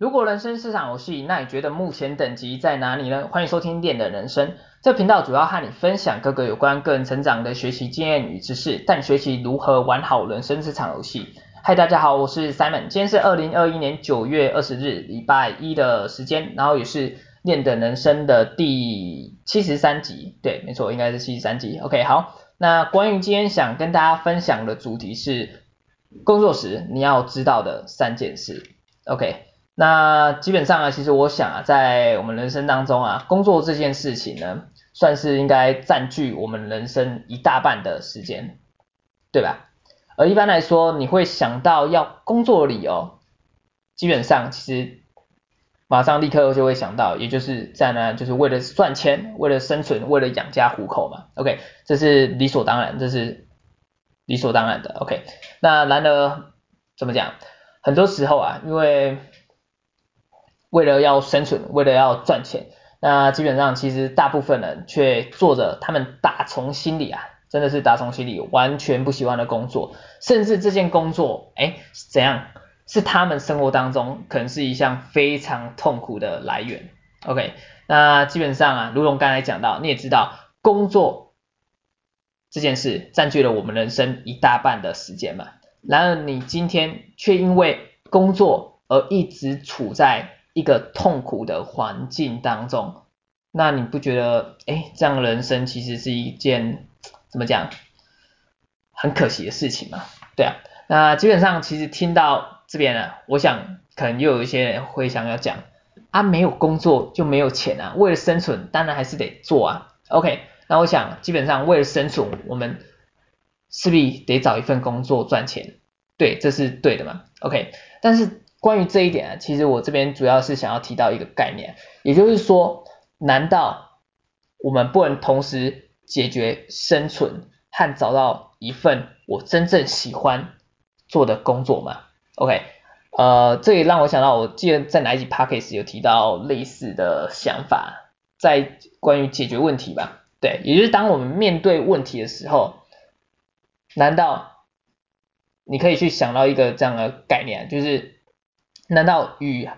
如果人生是場遊戲，那你覺得目前等級在哪裡呢？歡迎收聽《練的人生》這個頻道，主要和你分享各個有關個人成長的學習經驗與知識，帶你學習如何玩好人生這場遊戲。嗨，大家好，我是 Simon，今天是二零二一年九月二十日，禮拜一的時間，然後也是《練的人生》的第七十三集，對，沒錯，應該是七十三集。OK，好，那關於今天想跟大家分享的主題是工作時你要知道的三件事。OK。那基本上啊，其實我想啊，在我們人生當中啊，工作這件事情呢，算是應該佔據我們人生一大半的時間，對吧？而一般來說，你會想到要工作理由，基本上其實馬上立刻就會想到，也就是在那就是為了賺錢、為了生存、為了養家糊口嘛。OK，這是理所當然，這是理所當然的。OK，那然而怎麼講？很多時候啊，因為為了要生存，為了要賺錢，那基本上其實大部分人卻做着他們打從心裡啊，真的是打從心裡完全不喜歡的工作，甚至這件工作，誒，怎樣，是他們生活當中可能是一項非常痛苦的來源。OK，那基本上啊，如同剛才講到，你也知道，工作這件事占據了我們人生一大半的時間嘛。然而你今天卻因為工作而一直處在一個痛苦的環境當中，那你不覺得，哎，這樣的人生其實是一件怎麼講，很可惜的事情嗎？對啊。那基本上其實聽到這邊呢，我想可能又有一些人會想要講，啊，沒有工作就沒有錢啊，為了生存當然還是得做啊。OK，那我想基本上為了生存，我們勢必得找一份工作賺錢，對，這是對的嘛。OK，但是。關於這一點其實我這邊主要是想要提到一個概念，也就是說，難道我們不能同時解決生存和找到一份我真正喜歡做的工作嗎？OK，呃，這也讓我想到，我記得在哪一集 p o c k e t 有提到類似的想法，在關於解決問題吧，對，也就是當我們面對問題的時候，難道你可以去想到一個這樣的概念，就是。難道魚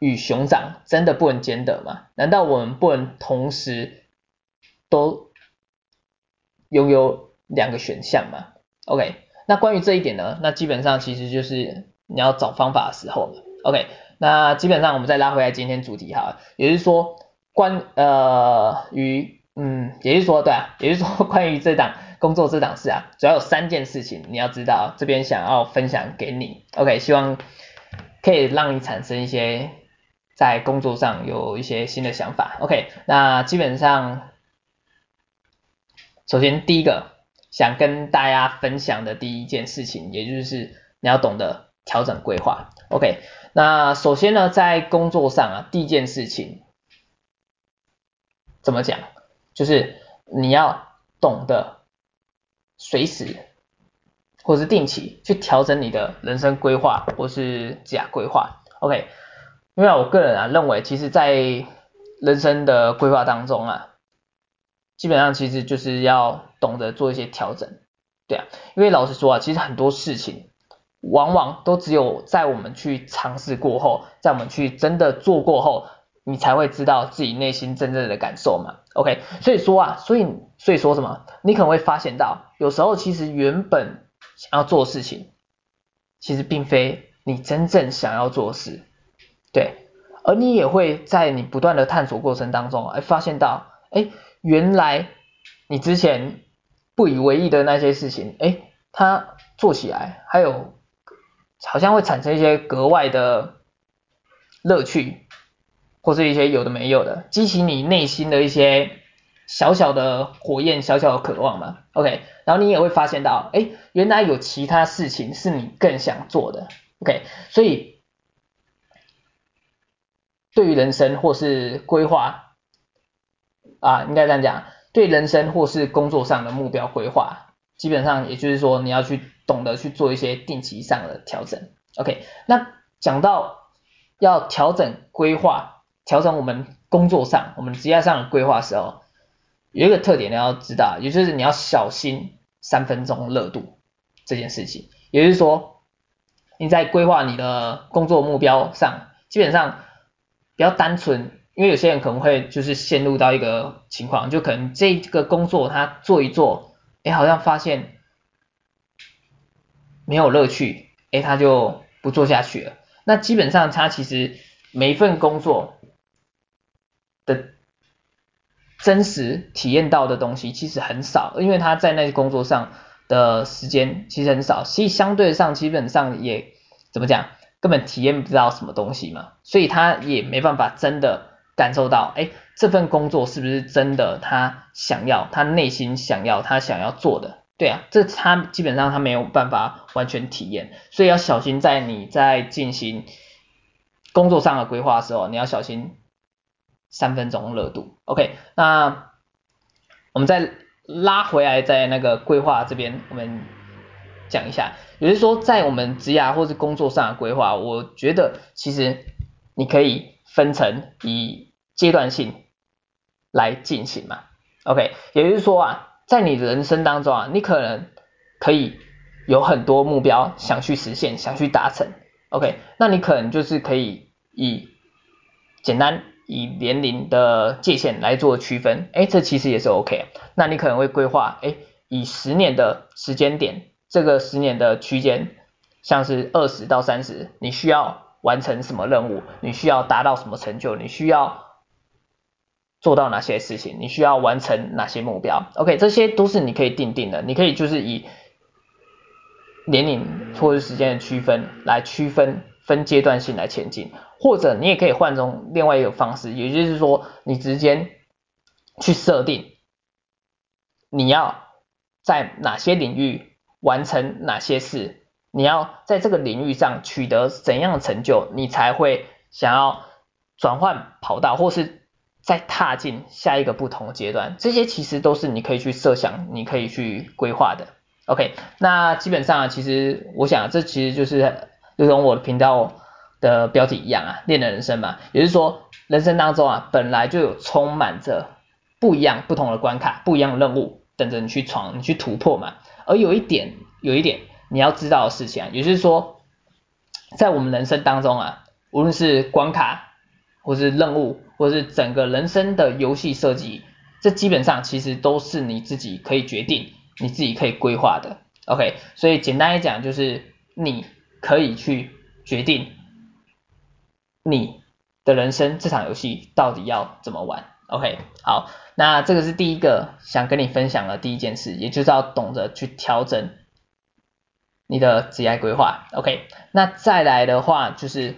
與熊掌真的不能兼得嗎？難道我們不能同時都擁有兩個選項嗎？OK，那關於這一點呢？那基本上其實就是你要找方法的時候了，OK，那基本上我們再拉回來今天主題哈，也就是說關呃於，嗯，也就是說對啊，也就是說關於這檔工作這檔事啊，主要有三件事情你要知道，這邊想要分享給你，OK，希望。可以讓你產生一些在工作上有一些新的想法。OK，那基本上，首先第一個想跟大家分享的第一件事情，也就是你要懂得調整規劃。OK，那首先呢，在工作上啊，第一件事情怎麼講？就是你要懂得隨時。或是定期去調整你的人生規劃，或是假規劃，OK？因為我個人啊認為，其實，在人生的規劃當中啊，基本上其實就是要懂得做一些調整，對啊，因為老實說啊，其實很多事情往往都只有在我們去嘗試過後，在我們去真的做過後，你才會知道自己內心真正的感受嘛，OK？所以說啊，所以，所以說什麼？你可能會發現到，有時候其實原本。想要做事情，其實並非你真正想要做事，對，而你也會在你不斷的探索過程當中，哎，發現到，哎，原來你之前不以為意的那些事情，哎，它做起來還有，好像會產生一些格外的樂趣，或是一些有的沒有的，激起你內心的一些。小小的火焰，小小的渴望嘛，OK，然後你也會發現到，哎，原來有其他事情是你更想做的，OK，所以對於人生或是規劃啊，應該這樣講，對人生或是工作上的目標規劃，基本上也就是說你要去懂得去做一些定期上的調整，OK，那講到要調整規劃，調整我們工作上、我們職業上的規劃的時候。有一個特點你要知道，也就是你要小心三分鐘熱度這件事情。也就是說，你在規劃你的工作目標上，基本上比較單純，因為有些人可能會就是陷入到一個情況，就可能這個工作他做一做，哎，好像發現沒有樂趣，哎，他就不做下去了。那基本上他其實每一份工作的。真實體驗到的東西其實很少，因為他在那些工作上的時間其實很少，所以相對上基本上也怎麼講，根本體驗不到什麼東西嘛，所以他也沒辦法真的感受到，哎，這份工作是不是真的他想要，他內心想要他想要做的，對啊，這他基本上他沒有辦法完全體驗，所以要小心在你在進行工作上的規劃的時候，你要小心。三分鐘熱度，OK，那我們再拉回來，在那個規劃這邊，我們講一下，也就是說，在我們職涯或是工作上的規劃，我覺得其實你可以分成以階段性來進行嘛，OK，也就是說啊，在你的人生當中啊，你可能可以有很多目標想去實現，想去達成，OK，那你可能就是可以以簡單。以年齡的界限來做區分，哎，這其實也是 OK。那你可能會規劃，哎，以十年的時間點，這個十年的區間，像是二十到三十，你需要完成什麼任務？你需要達到什麼成就？你需要做到哪些事情？你需要完成哪些目標？OK，這些都是你可以定定的。你可以就是以年齡或者時間的區分來區分。分階段性來前進，或者你也可以換種另外一個方式，也就是說，你直接去設定你要在哪些領域完成哪些事，你要在這個領域上取得怎樣的成就，你才會想要轉換跑道，或是再踏進下一個不同的階段。這些其實都是你可以去設想，你可以去規劃的。OK，那基本上其實我想，這其實就是。如同我的頻道的標題一樣啊，練的人生嘛，也就是說，人生當中啊，本來就有充滿着不一樣、不同的關卡、不一樣的任務等着你去闖、你去突破嘛。而有一點、有一點你要知道的事情啊，也就是說，在我們人生當中啊，無論是關卡，或是任務，或是整個人生的遊戲設計，這基本上其實都是你自己可以決定、你自己可以規劃的。OK，所以簡單一講就是你。可以去決定你的人生這場遊戲到底要怎麼玩，OK，好，那這個是第一個想跟你分享的第一件事，也就是要懂得去調整你的職業規劃，OK，那再來的話就是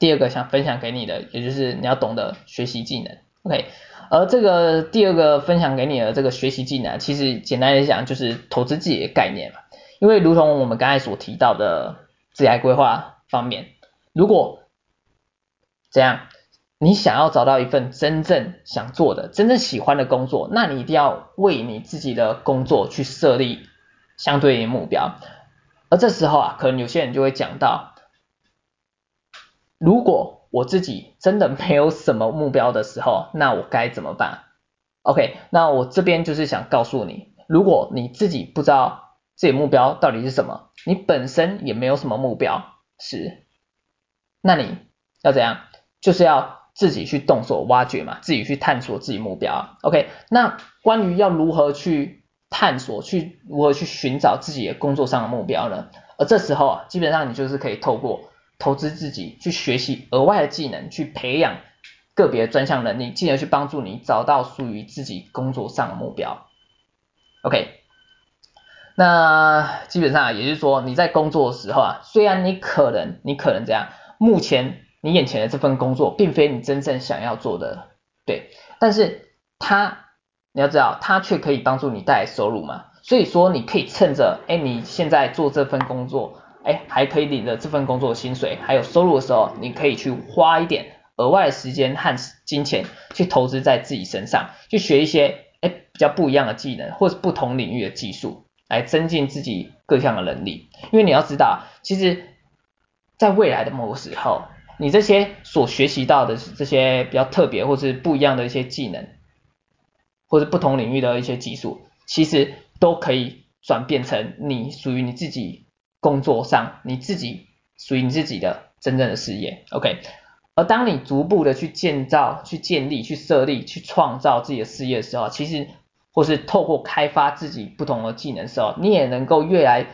第二個想分享給你的，也就是你要懂得學習技能，OK，而這個第二個分享給你的這個學習技能啊，其實簡單來講就是投資自己的概念嘛。因為，如同我們剛才所提到的，職業規劃方面，如果這樣，你想要找到一份真正想做的、真正喜歡的工作，那你一定要為你自己的工作去設立相對應目標。而這時候啊，可能有些人就會講到，如果我自己真的沒有什麼目標的時候，那我該怎麼辦？OK，那我這邊就是想告訴你，如果你自己不知道。自己目標到底是什麼？你本身也沒有什麼目標，是？那你要怎樣？就是要自己去動手挖掘嘛，自己去探索自己目標。OK，那關於要如何去探索，去如何去尋找自己的工作上的目標呢？而這時候啊，基本上你就是可以透過投資自己，去學習額外的技能，去培養個別專項能力，進而去幫助你找到屬於自己工作上的目標。OK。那基本上也就是說，你在工作的時候啊，雖然你可能你可能這樣，目前你眼前的這份工作並非你真正想要做的，對，但是它你要知道，它卻可以幫助你帶來收入嘛。所以說，你可以趁着哎、欸、你現在做這份工作，哎、欸、還可以領着這份工作的薪水還有收入的時候，你可以去花一點額外的時間和金錢去投資在自己身上，去學一些哎、欸、比較不一樣的技能或者是不同領域的技術。來增進自己各項的能力，因為你要知道，其實，在未來的某個時候，你這些所學習到的這些比較特別或是不一樣的一些技能，或是不同領域的一些技術，其實都可以轉變成你屬於你自己工作上，你自己屬於你自己的真正的事業。OK，而當你逐步的去建造、去建立、去設立、去創造自己的事業的時候，其實。或是透過開發自己不同的技能的時候，你也能夠越來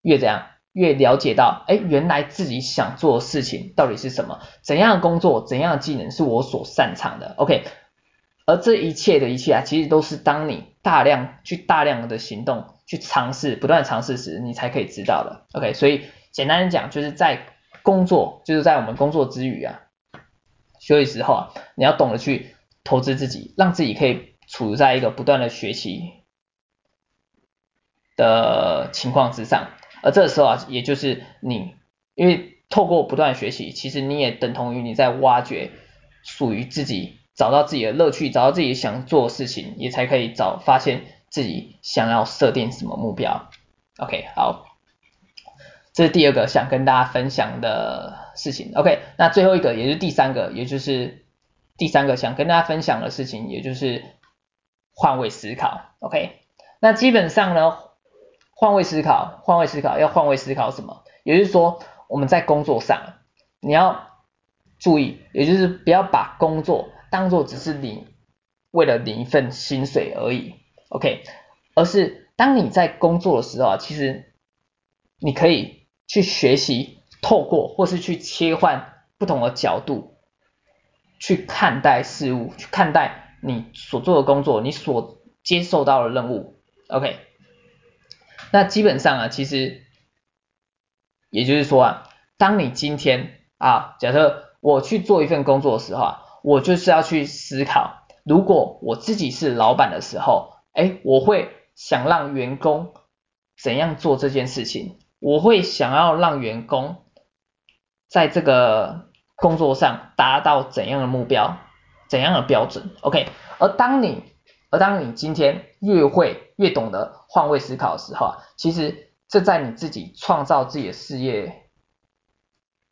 越怎樣，越了解到，哎、欸，原來自己想做的事情到底是什麼？怎樣的工作，怎樣的技能是我所擅長的？OK，而這一切的一切啊，其實都是當你大量去大量的行動，去嘗試，不斷嘗試時，你才可以知道的。OK，所以簡單的講，就是在工作，就是在我們工作之餘啊，休息時候啊，你要懂得去投資自己，讓自己可以。處在一個不斷的學習的情況之上，而這個時候啊，也就是你因為透過不斷學習，其實你也等同於你在挖掘屬於自己、找到自己的樂趣、找到自己想做的事情，也才可以找發現自己想要設定什麼目標。OK，好，這是第二個想跟大家分享的事情。OK，那最後一個也是第三個，也就是第三個，第三個想跟大家分享的事情，也就是。換位思考，OK，那基本上呢，換位思考，換位思考要換位思考什麼？也就是說，我們在工作上，你要注意，也就是不要把工作當做只是你為了領一份薪水而已，OK，而是當你在工作的時候，其實你可以去學習，透過或是去切換不同的角度去看待事物，去看待。你所做的工作，你所接受到的任務，OK。那基本上啊，其實也就是說啊，當你今天啊，假設我去做一份工作的時候啊，我就是要去思考，如果我自己是老闆的時候，哎，我會想讓員工怎樣做這件事情，我會想要讓員工在這個工作上達到怎樣的目標。怎樣的標準？OK，而當你而當你今天越會越懂得換位思考的時候，其實這在你自己創造自己的事業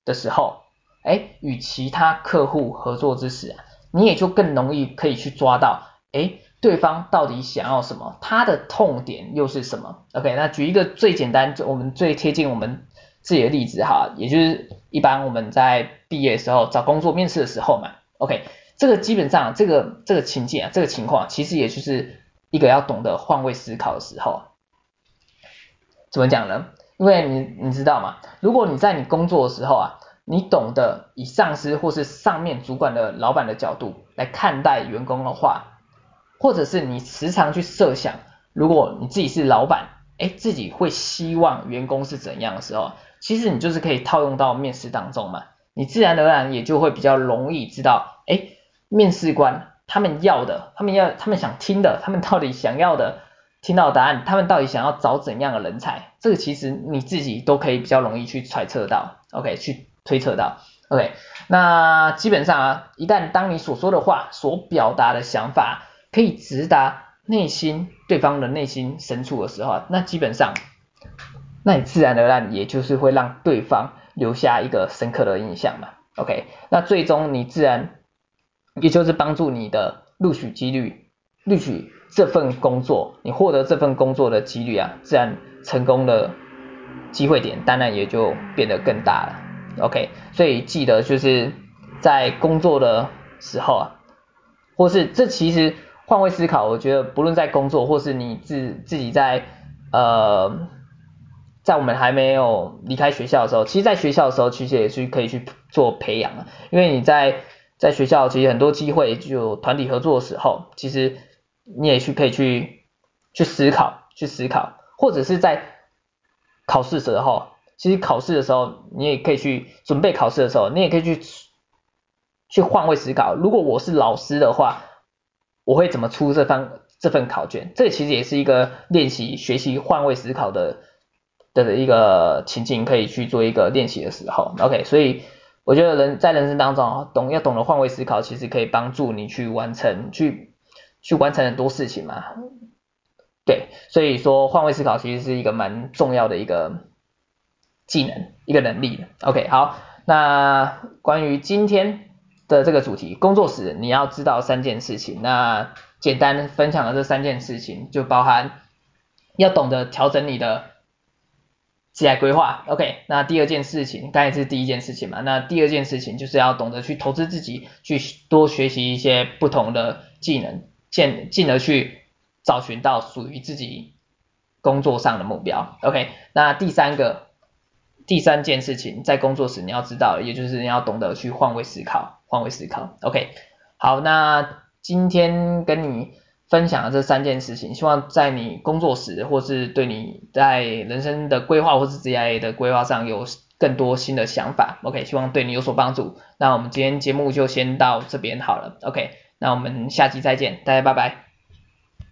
的時候，誒，與其他客戶合作之時，你也就更容易可以去抓到，誒，對方到底想要什麼，他的痛點又是什麼？OK，那舉一個最簡單，我們最貼近我們自己的例子哈，也就是一般我們在畢業的時候找工作面試的時候嘛，OK。這個基本上，這個這個情境啊，這個情況其實也就是一個要懂得換位思考的時候。怎麼講呢？因為你你知道嘛，如果你在你工作的時候啊，你懂得以上司或是上面主管的老板的角度來看待員工的話，或者是你時常去設想，如果你自己是老板，哎，自己會希望員工是怎樣的時候，其實你就是可以套用到面試當中嘛，你自然而然也就會比較容易知道，哎。面試官他們要的，他們要他們想聽的，他們到底想要的，聽到答案，他們到底想要找怎樣的人才？這個其實你自己都可以比較容易去揣測到，OK，去推測到，OK。那基本上啊，一旦當你所說的話，所表達的想法，可以直達內心，對方的內心深處的時候，那基本上，那你自然而然也就是會讓對方留下一個深刻的印象嘛，OK。那最終你自然。也就是幫助你的錄取幾率，錄取這份工作，你獲得這份工作的幾率啊，自然成功的機會點當然也就變得更大了。OK，所以記得就是在工作的時候啊，或是這其實換位思考，我覺得不論在工作或是你自自己在呃，在我們還沒有離開學校的時候，其實，在學校的時候其實也是可以去做培養啊，因為你在。在學校其實很多機會，就團體合作的時候，其實你也去可以去去思考，去思考，或者是在考試的時候，其實考試的時候你也可以去準備考試的時候，你也可以去去換位思考。如果我是老師的話，我會怎麼出這方這份考卷？這個其實也是一個練習學習換位思考的的一個情景，可以去做一個練習的時候。OK，所以。我覺得人在人生當中懂要懂得換位思考，其實可以幫助你去完成，去去完成很多事情嘛。對，所以說換位思考其實是一個蠻重要的一個技能，一個能力的。OK，好，那關於今天的這個主題，工作時你要知道三件事情。那簡單分享的這三件事情，就包含要懂得調整你的。未來規劃，OK。那第二件事情，剛才是第一件事情嘛？那第二件事情就是要懂得去投資自己，去多學習一些不同的技能，進進而去找尋到屬於自己工作上的目標，OK。那第三個，第三件事情，在工作時你要知道，也就是你要懂得去換位思考，換位思考，OK。好，那今天跟你。分享的這三件事情，希望在你工作時，或是對你在人生的規劃，或是職業的規劃上有更多新的想法。OK，希望對你有所幫助。那我們今天節目就先到這邊好了。OK，那我們下期再見，大家拜拜。